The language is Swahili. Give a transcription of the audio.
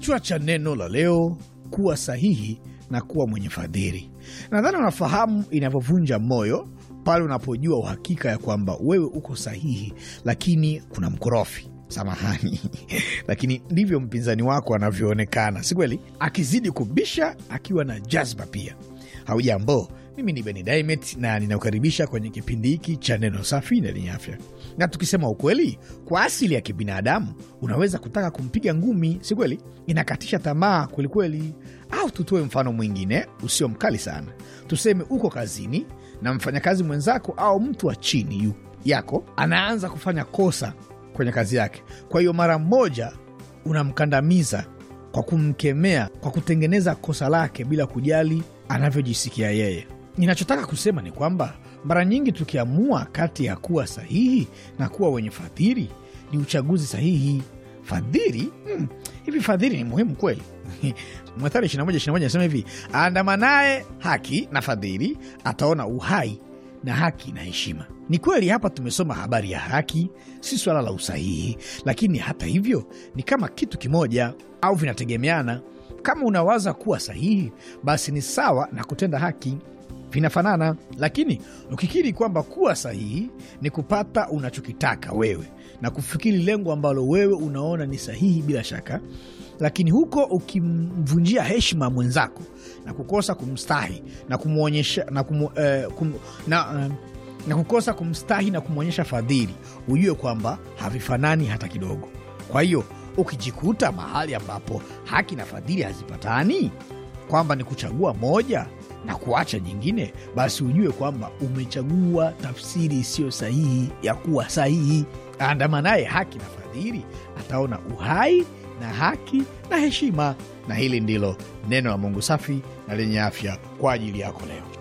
Kichwa cha neno la leo: kuwa sahihi na kuwa mwenye fadhili. Nadhani unafahamu inavyovunja moyo pale unapojua uhakika ya kwamba wewe uko sahihi, lakini kuna mkorofi samahani lakini ndivyo mpinzani wako anavyoonekana, si kweli? Akizidi kubisha, akiwa na jazba pia. Haujambo, mimi ni Beni Dimet na ninakukaribisha kwenye kipindi hiki cha neno safi na lenye afya. Na tukisema ukweli, kwa asili ya kibinadamu unaweza kutaka kumpiga ngumi, si kweli? Inakatisha tamaa kwelikweli. Au tutoe mfano mwingine usio mkali sana, tuseme uko kazini na mfanyakazi mwenzako au mtu wa chini yako anaanza kufanya kosa kwenye kazi yake. Kwa hiyo mara moja unamkandamiza kwa kumkemea, kwa kutengeneza kosa lake bila kujali anavyojisikia yeye. Ninachotaka kusema ni kwamba mara nyingi tukiamua kati ya kuwa sahihi na kuwa wenye fadhili, ni uchaguzi sahihi. Fadhili hmm. Hivi fadhili ni muhimu kweli? Methali 21:21 hivi, aandamanaye haki na fadhili ataona uhai na haki na heshima. Ni kweli, hapa tumesoma habari ya haki, si swala la usahihi, lakini hata hivyo ni kama kitu kimoja au vinategemeana. Kama unawaza kuwa sahihi, basi ni sawa na kutenda haki vinafanana, lakini ukikiri kwamba kuwa sahihi ni kupata unachokitaka wewe na kufikiri lengo ambalo wewe unaona ni sahihi, bila shaka lakini huko ukimvunjia heshima mwenzako na kukosa kumstahi na kumwonyesha na, kum, uh, eh, kum, na, uh, na kukosa kumstahi na kumwonyesha fadhili, ujue kwamba havifanani hata kidogo. Kwa hiyo ukijikuta mahali ambapo haki na fadhili hazipatani, kwamba ni kuchagua moja na kuacha nyingine, basi ujue kwamba umechagua tafsiri isiyo sahihi ya kuwa sahihi. Aandamanaye haki na fadhili ataona uhai na haki na heshima. Na hili ndilo neno la Mungu safi na lenye afya kwa ajili yako leo.